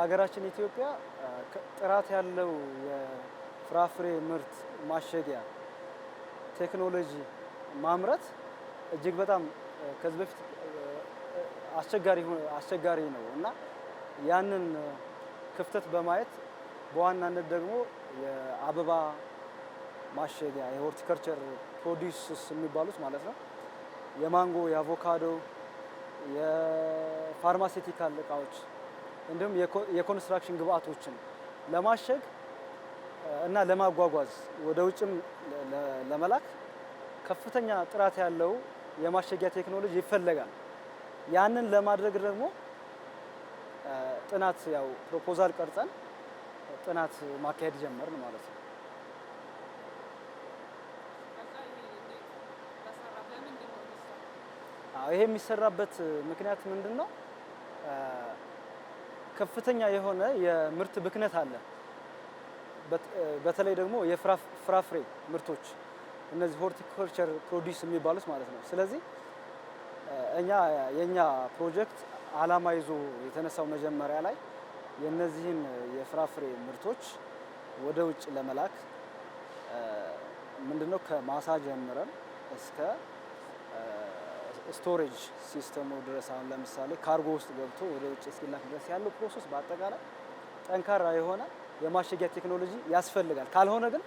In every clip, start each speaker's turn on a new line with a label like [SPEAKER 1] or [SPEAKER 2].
[SPEAKER 1] ሀገራችን ኢትዮጵያ ጥራት ያለው የፍራፍሬ ምርት ማሸጊያ ቴክኖሎጂ ማምረት እጅግ በጣም ከዚህ በፊት አስቸጋሪ ነው እና ያንን ክፍተት በማየት በዋናነት ደግሞ የአበባ ማሸጊያ የሆርቲከልቸር ፕሮዲስስ የሚባሉት ማለት ነው የማንጎ፣ የአቮካዶ፣ የፋርማሴቲካል እቃዎች እንዲሁም የኮንስትራክሽን ግብአቶችን ለማሸግ እና ለማጓጓዝ ወደ ውጭም ለመላክ ከፍተኛ ጥራት ያለው የማሸጊያ ቴክኖሎጂ ይፈለጋል። ያንን ለማድረግ ደግሞ ጥናት ያው ፕሮፖዛል ቀርጸን ጥናት ማካሄድ ጀመርን ማለት ነው።
[SPEAKER 2] ይሄ የሚሰራበት ምክንያት ምንድን ነው? ከፍተኛ የሆነ የምርት ብክነት አለ። በተለይ ደግሞ የፍራፍሬ ምርቶች እነዚህ ሆርቲኮልቸር ፕሮዲስ የሚባሉት ማለት ነው። ስለዚህ እኛ የእኛ ፕሮጀክት አላማ ይዞ የተነሳው መጀመሪያ ላይ የእነዚህን የፍራፍሬ ምርቶች ወደ ውጭ ለመላክ ምንድነው ከማሳ ጀምረን እስከ ስቶሬጅ ሲስተሙ ድረስ አሁን ለምሳሌ ካርጎ ውስጥ ገብቶ ወደ ውጭ እስኪላክ ድረስ ያለው ፕሮሰስ በአጠቃላይ ጠንካራ የሆነ የማሸጊያ ቴክኖሎጂ ያስፈልጋል። ካልሆነ ግን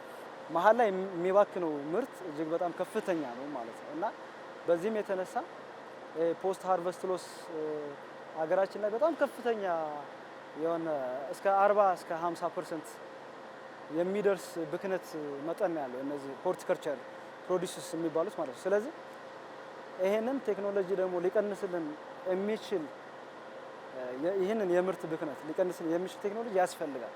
[SPEAKER 2] መሀል ላይ የሚባክነው ምርት እጅግ በጣም ከፍተኛ ነው ማለት ነው እና በዚህም የተነሳ ፖስት ሃርቨስት ሎስ ሀገራችን ላይ በጣም ከፍተኛ የሆነ እስከ 40 እስከ 50 ፐርሰንት የሚደርስ ብክነት መጠን ያለው እነዚህ ሆርቲከልቸር ፕሮዲስስ የሚባሉት ማለት ነው። ስለዚህ ይሄንን ቴክኖሎጂ ደግሞ ሊቀንስልን የሚችል ይህንን የምርት ብክነት ሊቀንስልን የሚችል ቴክኖሎጂ ያስፈልጋል።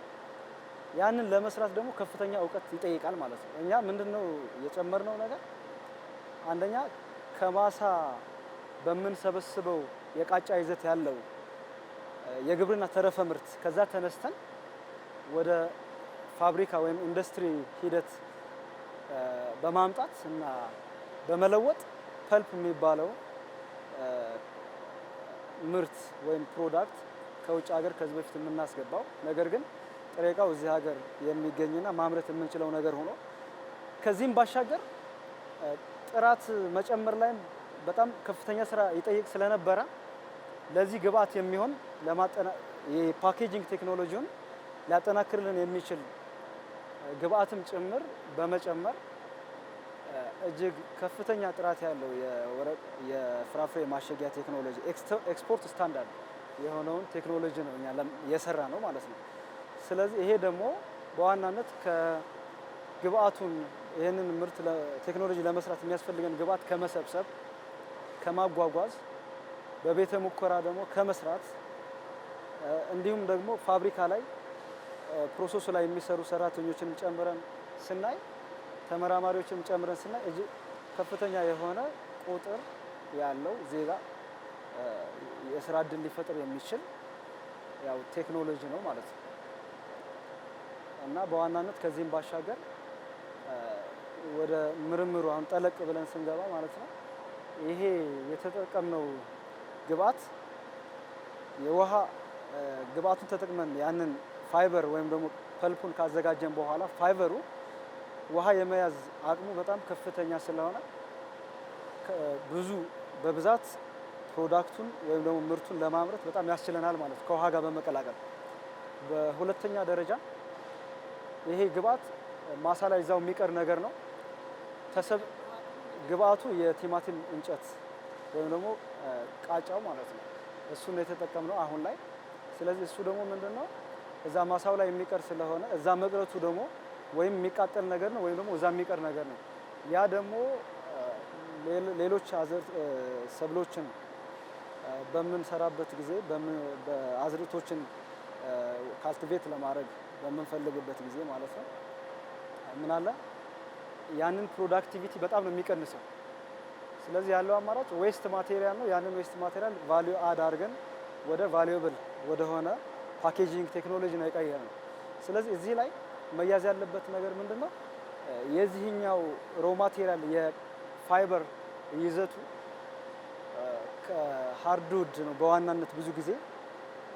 [SPEAKER 2] ያንን ለመስራት ደግሞ ከፍተኛ እውቀት ይጠይቃል ማለት ነው። እኛ ምንድነው የጨመርነው ነገር አንደኛ ከማሳ በምንሰበስበው የቃጫ ይዘት ያለው የግብርና ተረፈ ምርት ከዛ ተነስተን ወደ ፋብሪካ ወይም ኢንዱስትሪ ሂደት በማምጣት እና በመለወጥ ፐልፕ የሚባለው ምርት ወይም ፕሮዳክት ከውጭ ሀገር ከዚህ በፊት የምናስገባው ነገር ግን ጥሬ እቃው እዚህ ሀገር የሚገኝና ማምረት የምንችለው ነገር ሆኖ ከዚህም ባሻገር ጥራት መጨመር ላይም በጣም ከፍተኛ ስራ ይጠይቅ ስለነበረ ለዚህ ግብአት የሚሆን የፓኬጂንግ ቴክኖሎጂውን ሊያጠናክርልን የሚችል ግብአትም ጭምር በመጨመር እጅግ ከፍተኛ ጥራት ያለው የፍራፍሬ ማሸጊያ ቴክኖሎጂ ኤክስፖርት ስታንዳርድ የሆነውን ቴክኖሎጂ ነው እኛ የሰራ ነው ማለት ነው። ስለዚህ ይሄ ደግሞ በዋናነት ከግብአቱን ይህንን ምርት ቴክኖሎጂ ለመስራት የሚያስፈልገን ግብአት ከመሰብሰብ፣ ከማጓጓዝ፣ በቤተ ሙከራ ደግሞ ከመስራት እንዲሁም ደግሞ ፋብሪካ ላይ ፕሮሰሱ ላይ የሚሰሩ ሰራተኞችን ጨምረን ስናይ ተመራማሪዎችም ጨምረን ስና እጅግ ከፍተኛ የሆነ ቁጥር ያለው ዜጋ የስራ እድል ሊፈጥር የሚችል ያው ቴክኖሎጂ ነው ማለት ነው እና በዋናነት ከዚህም ባሻገር ወደ ምርምሩ አሁን ጠለቅ ብለን ስንገባ ማለት ነው ይሄ የተጠቀምነው ግብአት የውሃ ግብአቱን ተጠቅመን ያንን ፋይበር ወይም ደግሞ ፐልፑን ካዘጋጀን በኋላ ፋይበሩ ውሃ የመያዝ አቅሙ በጣም ከፍተኛ ስለሆነ ብዙ በብዛት ፕሮዳክቱን ወይም ደግሞ ምርቱን ለማምረት በጣም ያስችለናል ማለት ነው፣ ከውሃ ጋር በመቀላቀል። በሁለተኛ ደረጃ ይሄ ግብአት ማሳ ላይ እዛው የሚቀር ነገር ነው። ግብአቱ የቲማቲም እንጨት ወይም ደግሞ ቃጫው ማለት ነው። እሱን ነው የተጠቀምነው አሁን ላይ። ስለዚህ እሱ ደግሞ ምንድን ነው እዛ ማሳው ላይ የሚቀር ስለሆነ እዛ መቅረቱ ደግሞ ወይም የሚቃጠል ነገር ነው ወይም ደግሞ እዛ የሚቀር ነገር ነው። ያ ደግሞ ሌሎች ሰብሎችን በምንሰራበት ጊዜ አዝርቶችን ካልቲቬት ለማድረግ በምንፈልግበት ጊዜ ማለት ነው ምን አለ ያንን ፕሮዳክቲቪቲ በጣም ነው የሚቀንሰው። ስለዚህ ያለው አማራጭ ዌስት ማቴሪያል ነው። ያንን ዌስት ማቴሪያል ቫሊዩ አድ አድርገን ወደ ቫሊዩብል ወደሆነ ፓኬጂንግ ቴክኖሎጂ ነው የቀየር ነው። ስለዚህ እዚህ ላይ መያዝ ያለበት ነገር ምንድን ነው? የዚህኛው ሮ ማቴሪያል የፋይበር ይዘቱ ከሃርድውድ ነው በዋናነት ብዙ ጊዜ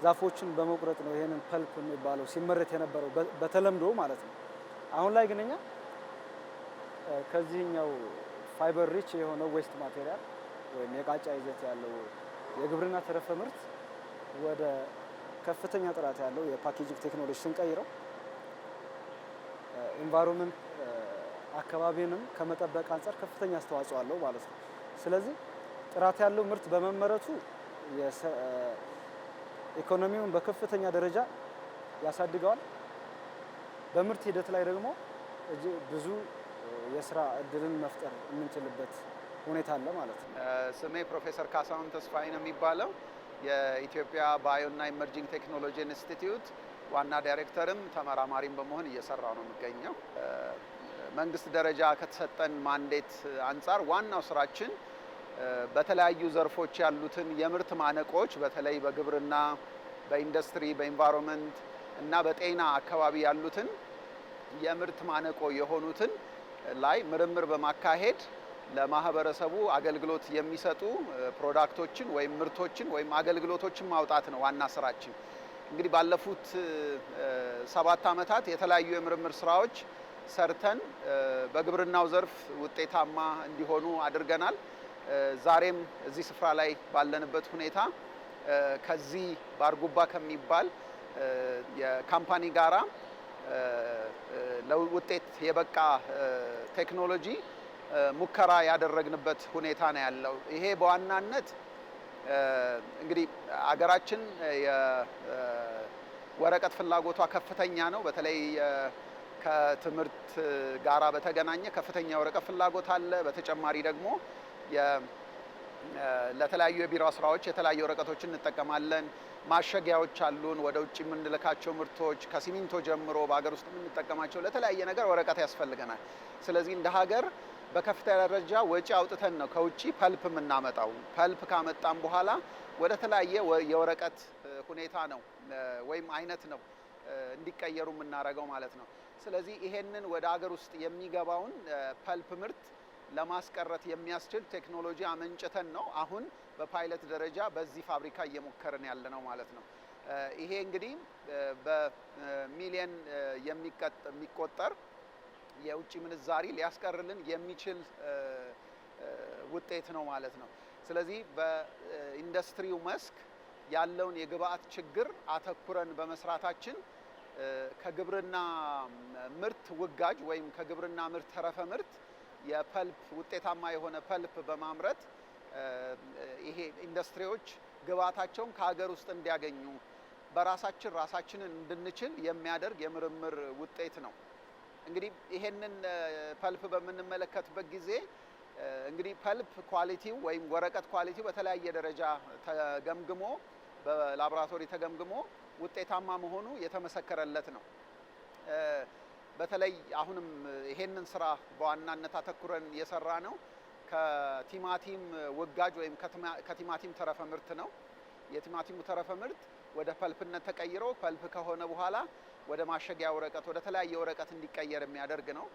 [SPEAKER 2] ዛፎችን በመቁረጥ ነው ይሄንን ፐልፕ የሚባለው ሲመረት የነበረው በተለምዶ ማለት ነው። አሁን ላይ ግን እኛ ከዚህኛው ፋይበር ሪች የሆነው ዌስት ማቴሪያል ወይም የቃጫ ይዘት ያለው የግብርና ተረፈ ምርት ወደ ከፍተኛ ጥራት ያለው የፓኬጂንግ ቴክኖሎጂ ስንቀይረው ኢንቫይሮንመንት uh, አካባቢንም ከመጠበቅ አንጻር ከፍተኛ አስተዋጽኦ አለው ማለት ነው። ስለዚህ ጥራት ያለው ምርት በመመረቱ uh, ኢኮኖሚውን በከፍተኛ ደረጃ ያሳድገዋል። በምርት ሂደት ላይ ደግሞ ብዙ uh, የስራ እድልን መፍጠር የምንችልበት ሁኔታ አለ ማለት ነው።
[SPEAKER 3] ስሜ ፕሮፌሰር ካሳሁን ተስፋዬ ነው የሚባለው የኢትዮጵያ ባዮና ኢመርጂንግ ቴክኖሎጂ ኢንስቲትዩት ዋና ዳይሬክተርም ተመራማሪም በመሆን እየሰራ ነው የሚገኘው። መንግስት ደረጃ ከተሰጠን ማንዴት አንጻር ዋናው ስራችን በተለያዩ ዘርፎች ያሉትን የምርት ማነቆች በተለይ በግብርና፣ በኢንዱስትሪ፣ በኢንቫይሮንመንት እና በጤና አካባቢ ያሉትን የምርት ማነቆ የሆኑትን ላይ ምርምር በማካሄድ ለማህበረሰቡ አገልግሎት የሚሰጡ ፕሮዳክቶችን ወይም ምርቶችን ወይም አገልግሎቶችን ማውጣት ነው ዋና ስራችን። እንግዲህ ባለፉት ሰባት ዓመታት የተለያዩ የምርምር ስራዎች ሰርተን በግብርናው ዘርፍ ውጤታማ እንዲሆኑ አድርገናል። ዛሬም እዚህ ስፍራ ላይ ባለንበት ሁኔታ ከዚህ ባርጉባ ከሚባል የካምፓኒ ጋራ ለውጤት የበቃ ቴክኖሎጂ ሙከራ ያደረግንበት ሁኔታ ነው ያለው። ይሄ በዋናነት እንግዲህ አገራችን ወረቀት ፍላጎቷ ከፍተኛ ነው። በተለይ ከትምህርት ጋራ በተገናኘ ከፍተኛ የወረቀት ፍላጎት አለ። በተጨማሪ ደግሞ ለተለያዩ የቢሮ ስራዎች የተለያዩ ወረቀቶችን እንጠቀማለን። ማሸጊያዎች አሉን። ወደ ውጭ የምንልካቸው ምርቶች ከሲሚንቶ ጀምሮ በሀገር ውስጥ የምንጠቀማቸው ለተለያየ ነገር ወረቀት ያስፈልገናል። ስለዚህ እንደ ሀገር በከፍተኛ ደረጃ ወጪ አውጥተን ነው ከውጭ ፐልፕ የምናመጣው። ፐልፕ ካመጣም በኋላ ወደ ተለያየ የወረቀት ሁኔታ ነው ወይም አይነት ነው እንዲቀየሩ የምናደርገው ማለት ነው። ስለዚህ ይሄንን ወደ አገር ውስጥ የሚገባውን ፐልፕ ምርት ለማስቀረት የሚያስችል ቴክኖሎጂ አመንጭተን ነው አሁን በፓይለት ደረጃ በዚህ ፋብሪካ እየሞከርን ያለ ነው ማለት ነው። ይሄ እንግዲህ በሚሊየን የሚቆጠር የውጭ ምንዛሪ ሊያስቀርልን የሚችል ውጤት ነው ማለት ነው። ስለዚህ በኢንዱስትሪው መስክ ያለውን የግብአት ችግር አተኩረን በመስራታችን ከግብርና ምርት ውጋጅ ወይም ከግብርና ምርት ተረፈ ምርት የፐልፕ ውጤታማ የሆነ ፐልፕ በማምረት ይሄ ኢንዱስትሪዎች ግብአታቸውን ከሀገር ውስጥ እንዲያገኙ በራሳችን ራሳችንን እንድንችል የሚያደርግ የምርምር ውጤት ነው። እንግዲህ ይሄንን ፐልፕ በምንመለከትበት ጊዜ እንግዲህ ፐልፕ ኳሊቲው ወይም ወረቀት ኳሊቲው በተለያየ ደረጃ ተገምግሞ በላቦራቶሪ ተገምግሞ ውጤታማ መሆኑ የተመሰከረለት ነው። በተለይ አሁንም ይሄንን ስራ በዋናነት አተኩረን የሰራ ነው ከቲማቲም ውጋጅ ወይም ከቲማቲም ተረፈ ምርት ነው። የቲማቲሙ ተረፈ ምርት ወደ ፐልፕነት ተቀይሮ ፐልፕ ከሆነ በኋላ ወደ ማሸጊያ ወረቀት፣ ወደ ተለያየ ወረቀት እንዲቀየር የሚያደርግ ነው።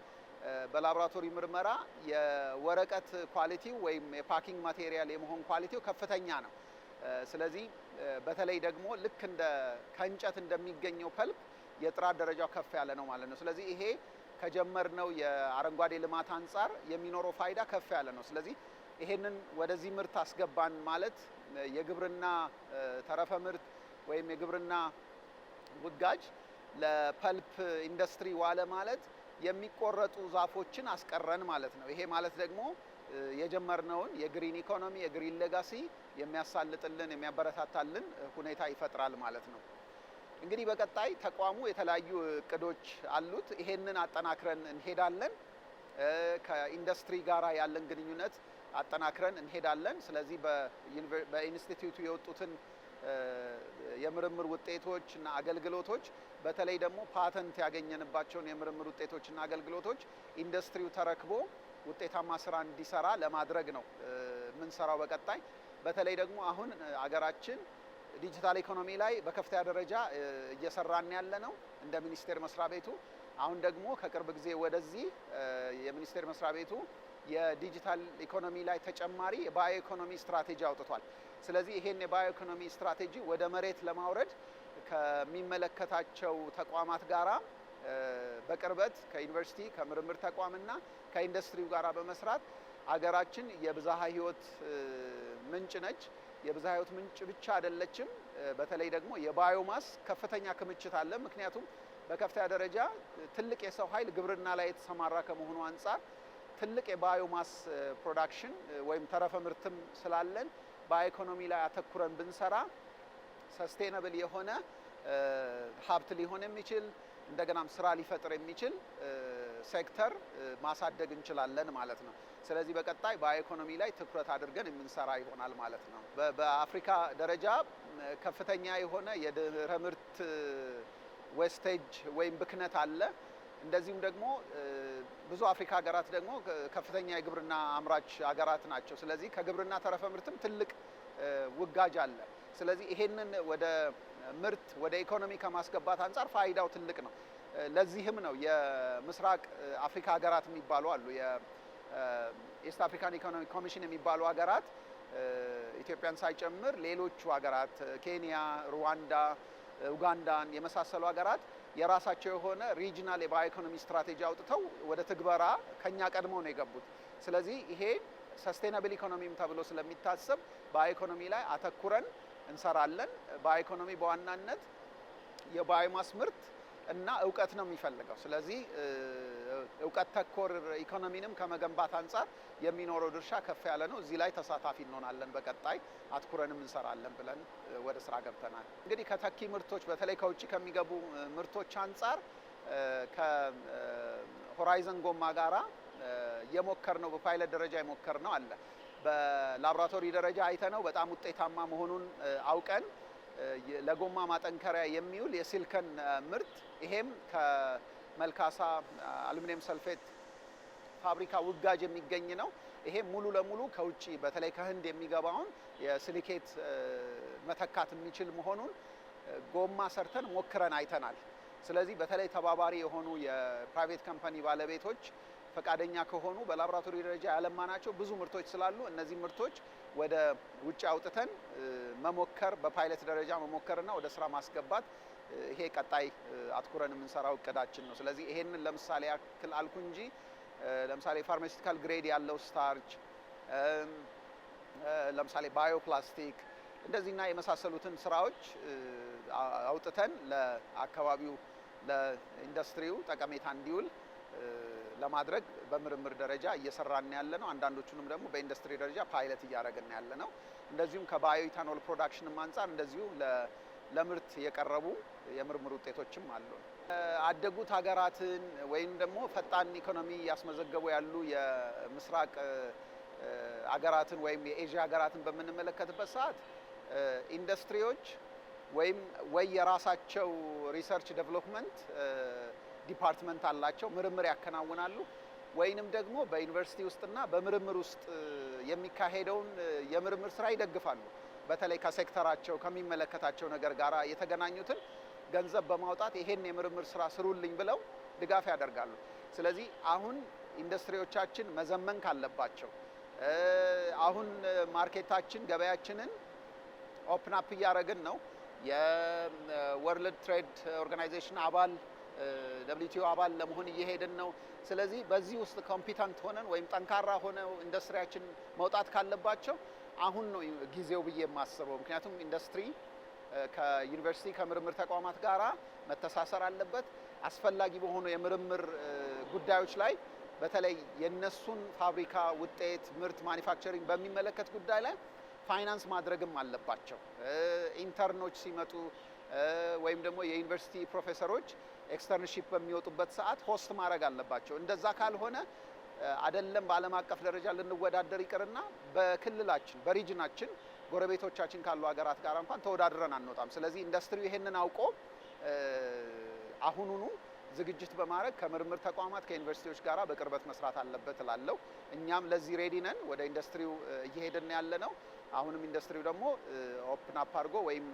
[SPEAKER 3] በላቦራቶሪ ምርመራ የወረቀት ኳሊቲው ወይም የፓኪንግ ማቴሪያል የመሆን ኳሊቲው ከፍተኛ ነው። ስለዚህ በተለይ ደግሞ ልክ እንደ ከእንጨት እንደሚገኘው ፐልፕ የጥራት ደረጃው ከፍ ያለ ነው ማለት ነው። ስለዚህ ይሄ ከጀመርነው የአረንጓዴ ልማት አንጻር የሚኖረው ፋይዳ ከፍ ያለ ነው። ስለዚህ ይሄንን ወደዚህ ምርት አስገባን ማለት የግብርና ተረፈ ምርት ወይም የግብርና ውጋጅ ለፐልፕ ኢንዱስትሪ ዋለ ማለት የሚቆረጡ ዛፎችን አስቀረን ማለት ነው። ይሄ ማለት ደግሞ የጀመርነውን የግሪን ኢኮኖሚ የግሪን ሌጋሲ የሚያሳልጥልን የሚያበረታታልን ሁኔታ ይፈጥራል ማለት ነው። እንግዲህ በቀጣይ ተቋሙ የተለያዩ እቅዶች አሉት። ይሄንን አጠናክረን እንሄዳለን። ከኢንዱስትሪ ጋራ ያለን ግንኙነት አጠናክረን እንሄዳለን። ስለዚህ በኢንስቲትዩቱ የወጡትን የምርምር ውጤቶች እና አገልግሎቶች በተለይ ደግሞ ፓተንት ያገኘንባቸውን የምርምር ውጤቶች እና አገልግሎቶች ኢንዱስትሪው ተረክቦ ውጤታማ ስራ እንዲሰራ ለማድረግ ነው የምንሰራው። በቀጣይ በተለይ ደግሞ አሁን አገራችን ዲጂታል ኢኮኖሚ ላይ በከፍተኛ ደረጃ እየሰራን ያለ ነው እንደ ሚኒስቴር መስሪያ ቤቱ። አሁን ደግሞ ከቅርብ ጊዜ ወደዚህ የሚኒስቴር መስሪያ ቤቱ የዲጂታል ኢኮኖሚ ላይ ተጨማሪ የባዮ ኢኮኖሚ ስትራቴጂ አውጥቷል። ስለዚህ ይሄን የባዮ ኢኮኖሚ ስትራቴጂ ወደ መሬት ለማውረድ ከሚመለከታቸው ተቋማት ጋራ በቅርበት ከዩኒቨርሲቲ ከምርምር ተቋምና ከኢንዱስትሪው ጋር በመስራት አገራችን የብዝሃ ህይወት ምንጭ ነች። የብዝሃ ህይወት ምንጭ ብቻ አይደለችም። በተለይ ደግሞ የባዮማስ ከፍተኛ ክምችት አለ። ምክንያቱም በከፍተኛ ደረጃ ትልቅ የሰው ኃይል ግብርና ላይ የተሰማራ ከመሆኑ አንጻር ትልቅ የባዮማስ ፕሮዳክሽን ወይም ተረፈ ምርትም ስላለን በኢኮኖሚ ላይ አተኩረን ብንሰራ ሰስቴናብል የሆነ ሀብት ሊሆን የሚችል እንደገናም ስራ ሊፈጥር የሚችል ሴክተር ማሳደግ እንችላለን ማለት ነው። ስለዚህ በቀጣይ በኢኮኖሚ ላይ ትኩረት አድርገን የምንሰራ ይሆናል ማለት ነው። በአፍሪካ ደረጃ ከፍተኛ የሆነ የድህረ ምርት ዌስቴጅ ወይም ብክነት አለ። እንደዚሁም ደግሞ ብዙ አፍሪካ ሀገራት ደግሞ ከፍተኛ የግብርና አምራች ሀገራት ናቸው። ስለዚህ ከግብርና ተረፈ ምርትም ትልቅ ውጋጅ አለ። ስለዚህ ይሄንን ወደ ምርት ወደ ኢኮኖሚ ከማስገባት አንጻር ፋይዳው ትልቅ ነው። ለዚህም ነው የምስራቅ አፍሪካ ሀገራት የሚባሉ አሉ። የኢስት አፍሪካን ኢኮኖሚክ ኮሚሽን የሚባሉ ሀገራት ኢትዮጵያን ሳይጨምር ሌሎቹ ሀገራት ኬንያ፣ ሩዋንዳ፣ ኡጋንዳን የመሳሰሉ ሀገራት የራሳቸው የሆነ ሪጅናል የባዮ ኢኮኖሚ ስትራቴጂ አውጥተው ወደ ትግበራ ከኛ ቀድሞ ነው የገቡት። ስለዚህ ይሄ ሰስቴናብል ኢኮኖሚም ተብሎ ስለሚታሰብ በኢኮኖሚ ላይ አተኩረን እንሰራለን። በኢኮኖሚ በዋናነት የባዮማስ ምርት እና እውቀት ነው የሚፈልገው። ስለዚህ እውቀት ተኮር ኢኮኖሚንም ከመገንባት አንጻር የሚኖረው ድርሻ ከፍ ያለ ነው። እዚህ ላይ ተሳታፊ እንሆናለን። በቀጣይ አትኩረንም እንሰራለን ብለን ወደ ስራ ገብተናል። እንግዲህ ከተኪ ምርቶች በተለይ ከውጭ ከሚገቡ ምርቶች አንጻር ከሆራይዘን ጎማ ጋራ የሞከር ነው በፓይለት ደረጃ የሞከር ነው አለ በላብራቶሪ ደረጃ አይተነው በጣም ውጤታማ መሆኑን አውቀን ለጎማ ማጠንከሪያ የሚውል የሲልከን ምርት ይሄም ከመልካሳ አሉሚኒየም ሰልፌት ፋብሪካ ውጋጅ የሚገኝ ነው። ይሄ ሙሉ ለሙሉ ከውጭ በተለይ ከህንድ የሚገባውን የሲሊኬት መተካት የሚችል መሆኑን ጎማ ሰርተን ሞክረን አይተናል። ስለዚህ በተለይ ተባባሪ የሆኑ የፕራይቬት ካምፓኒ ባለቤቶች ፈቃደኛ ከሆኑ በላቦራቶሪ ደረጃ ያለማናቸው ብዙ ምርቶች ስላሉ እነዚህ ምርቶች ወደ ውጭ አውጥተን መሞከር በፓይለት ደረጃ መሞከርና ወደ ስራ ማስገባት ይሄ ቀጣይ አትኩረን የምንሰራው እቅዳችን ነው። ስለዚህ ይሄንን ለምሳሌ ያክል አልኩ እንጂ ለምሳሌ ፋርማሲቲካል ግሬድ ያለው ስታርች፣ ለምሳሌ ባዮፕላስቲክ እንደዚህና የመሳሰሉትን ስራዎች አውጥተን ለአካባቢው ለኢንዱስትሪው ጠቀሜታ እንዲውል ለማድረግ በምርምር ደረጃ እየሰራን ያለ ነው። አንዳንዶቹንም ደግሞ በኢንዱስትሪ ደረጃ ፓይለት እያደረግን ያለ ነው። እንደዚሁም ከባዮኢታኖል ፕሮዳክሽንም አንጻር እንደዚሁ ለምርት የቀረቡ የምርምር ውጤቶችም አሉ። አደጉት ሀገራትን ወይም ደግሞ ፈጣን ኢኮኖሚ ያስመዘገቡ ያሉ የምስራቅ አገራትን ወይም የኤዥያ ሀገራትን በምንመለከትበት ሰዓት ኢንዱስትሪዎች ወይም ወይ የራሳቸው ሪሰርች ዴቨሎፕመንት ዲፓርትመንት አላቸው፣ ምርምር ያከናውናሉ። ወይንም ደግሞ በዩኒቨርሲቲ ውስጥና በምርምር ውስጥ የሚካሄደውን የምርምር ስራ ይደግፋሉ። በተለይ ከሴክተራቸው ከሚመለከታቸው ነገር ጋር የተገናኙትን ገንዘብ በማውጣት ይሄን የምርምር ስራ ስሩልኝ ብለው ድጋፍ ያደርጋሉ። ስለዚህ አሁን ኢንዱስትሪዎቻችን መዘመን ካለባቸው አሁን ማርኬታችን ገበያችንን ኦፕን አፕ እያደረግን ነው። የወርልድ ትሬድ ኦርጋናይዜሽን አባል ደብሊቲዩ አባል ለመሆን እየሄድን ነው። ስለዚህ በዚህ ውስጥ ኮምፒተንት ሆነን ወይም ጠንካራ ሆነው ኢንዱስትሪያችን መውጣት ካለባቸው አሁን ነው ጊዜው ብዬ የማስበው። ምክንያቱም ኢንዱስትሪ ከዩኒቨርሲቲ ከምርምር ተቋማት ጋራ መተሳሰር አለበት። አስፈላጊ በሆኑ የምርምር ጉዳዮች ላይ በተለይ የነሱን ፋብሪካ ውጤት፣ ምርት፣ ማኒፋክቸሪንግ በሚመለከት ጉዳይ ላይ ፋይናንስ ማድረግም አለባቸው። ኢንተርኖች ሲመጡ ወይም ደግሞ የዩኒቨርሲቲ ፕሮፌሰሮች ኤክስተርንሺፕ በሚወጡበት ሰዓት ሆስት ማድረግ አለባቸው። እንደዛ ካልሆነ አደለም በዓለም አቀፍ ደረጃ ልንወዳደር ይቅርና በክልላችን በሪጅናችን ጎረቤቶቻችን ካሉ ሀገራት ጋር እንኳን ተወዳድረን አንወጣም። ስለዚህ ኢንዱስትሪው ይሄንን አውቆ አሁኑኑ ዝግጅት በማድረግ ከምርምር ተቋማት ከዩኒቨርሲቲዎች ጋር በቅርበት መስራት አለበት እላለሁ። እኛም ለዚህ ሬዲ ነን። ወደ ኢንዱስትሪው እየሄድን ያለ ነው። አሁንም ኢንዱስትሪው ደግሞ ኦፕን አፕ አድርጎ ወይም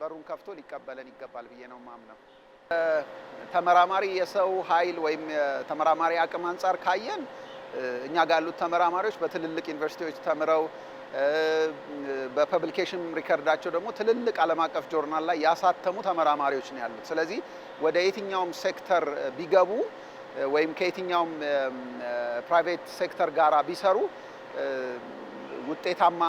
[SPEAKER 3] በሩን ከፍቶ ሊቀበለን ይገባል ብዬ ነው ማምነው። ተመራማሪ የሰው ኃይል ወይም ተመራማሪ አቅም አንጻር ካየን እኛ ጋር ያሉት ተመራማሪዎች በትልልቅ ዩኒቨርሲቲዎች ተምረው በፐብሊኬሽን ሪከርዳቸው ደግሞ ትልልቅ ዓለም አቀፍ ጆርናል ላይ ያሳተሙ ተመራማሪዎች ነው ያሉት። ስለዚህ ወደ የትኛውም ሴክተር ቢገቡ ወይም ከየትኛውም ፕራይቬት ሴክተር ጋር ቢሰሩ ውጤታማ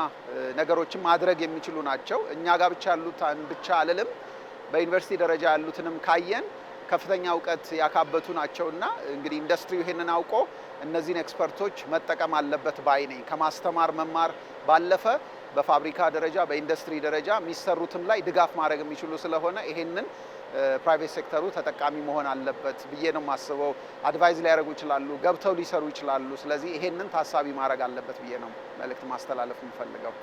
[SPEAKER 3] ነገሮችን ማድረግ የሚችሉ ናቸው። እኛ ጋር ብቻ ያሉት ብቻ አልልም። በዩኒቨርሲቲ ደረጃ ያሉትንም ካየን ከፍተኛ እውቀት ያካበቱ ናቸውና እንግዲህ ኢንዱስትሪው ይህንን አውቆ እነዚህን ኤክስፐርቶች መጠቀም አለበት ባይ ነኝ። ከማስተማር መማር ባለፈ በፋብሪካ ደረጃ በኢንዱስትሪ ደረጃ የሚሰሩትም ላይ ድጋፍ ማድረግ የሚችሉ ስለሆነ ይሄንን ፕራይቬት ሴክተሩ ተጠቃሚ መሆን አለበት ብዬ ነው የማስበው። አድቫይዝ ሊያደርጉ ይችላሉ፣ ገብተው ሊሰሩ ይችላሉ። ስለዚህ ይሄንን ታሳቢ ማድረግ አለበት ብዬ ነው መልእክት ማስተላለፍ የምፈልገው።